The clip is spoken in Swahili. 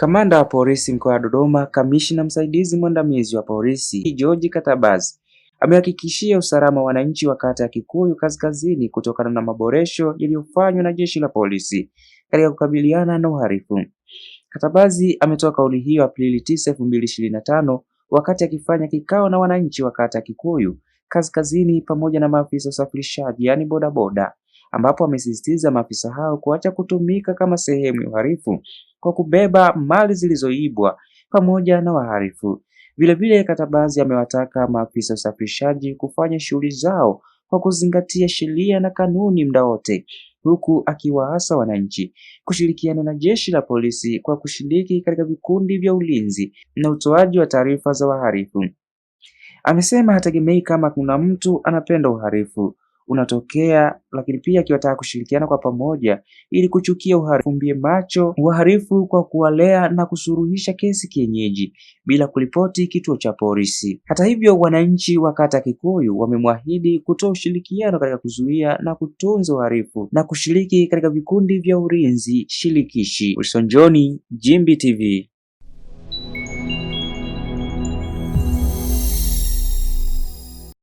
Kamanda wa polisi mkoa wa Dodoma, kamishna msaidizi mwandamizi wa polisi George Katabazi amehakikishia usalama wa wananchi wa kata ya Kikuyu Kaskazini kutokana na maboresho yaliyofanywa na jeshi la polisi katika kukabiliana na uhalifu. Katabazi ametoa kauli hiyo Aprili 9, 2025 wakati akifanya kikao na wananchi wa kata ya Kikuyu Kaskazini pamoja na maafisa usafirishaji yaani bodaboda, ambapo amesisitiza maafisa hao kuacha kutumika kama sehemu ya uhalifu kwa kubeba mali zilizoibwa pamoja na wahalifu. Vilevile, Katabazi amewataka maafisa usafirishaji kufanya shughuli zao kwa kuzingatia sheria na kanuni muda wote, huku akiwaasa wananchi kushirikiana na jeshi la polisi kwa kushiriki katika vikundi vya ulinzi na utoaji wa taarifa za wahalifu. Amesema hategemei kama kuna mtu anapenda uhalifu, unatokea, lakini pia akiwataka kushirikiana kwa pamoja ili kuchukia uhalifu. Mbie macho uhalifu kwa kuwalea na kusuruhisha kesi kienyeji bila kulipoti kituo cha polisi. Hata hivyo, wananchi wa kata Kikuyu wamemwahidi kutoa ushirikiano katika kuzuia na kutunza uhalifu na kushiriki katika vikundi vya ulinzi shirikishi. Wilson John, Jimbi TV.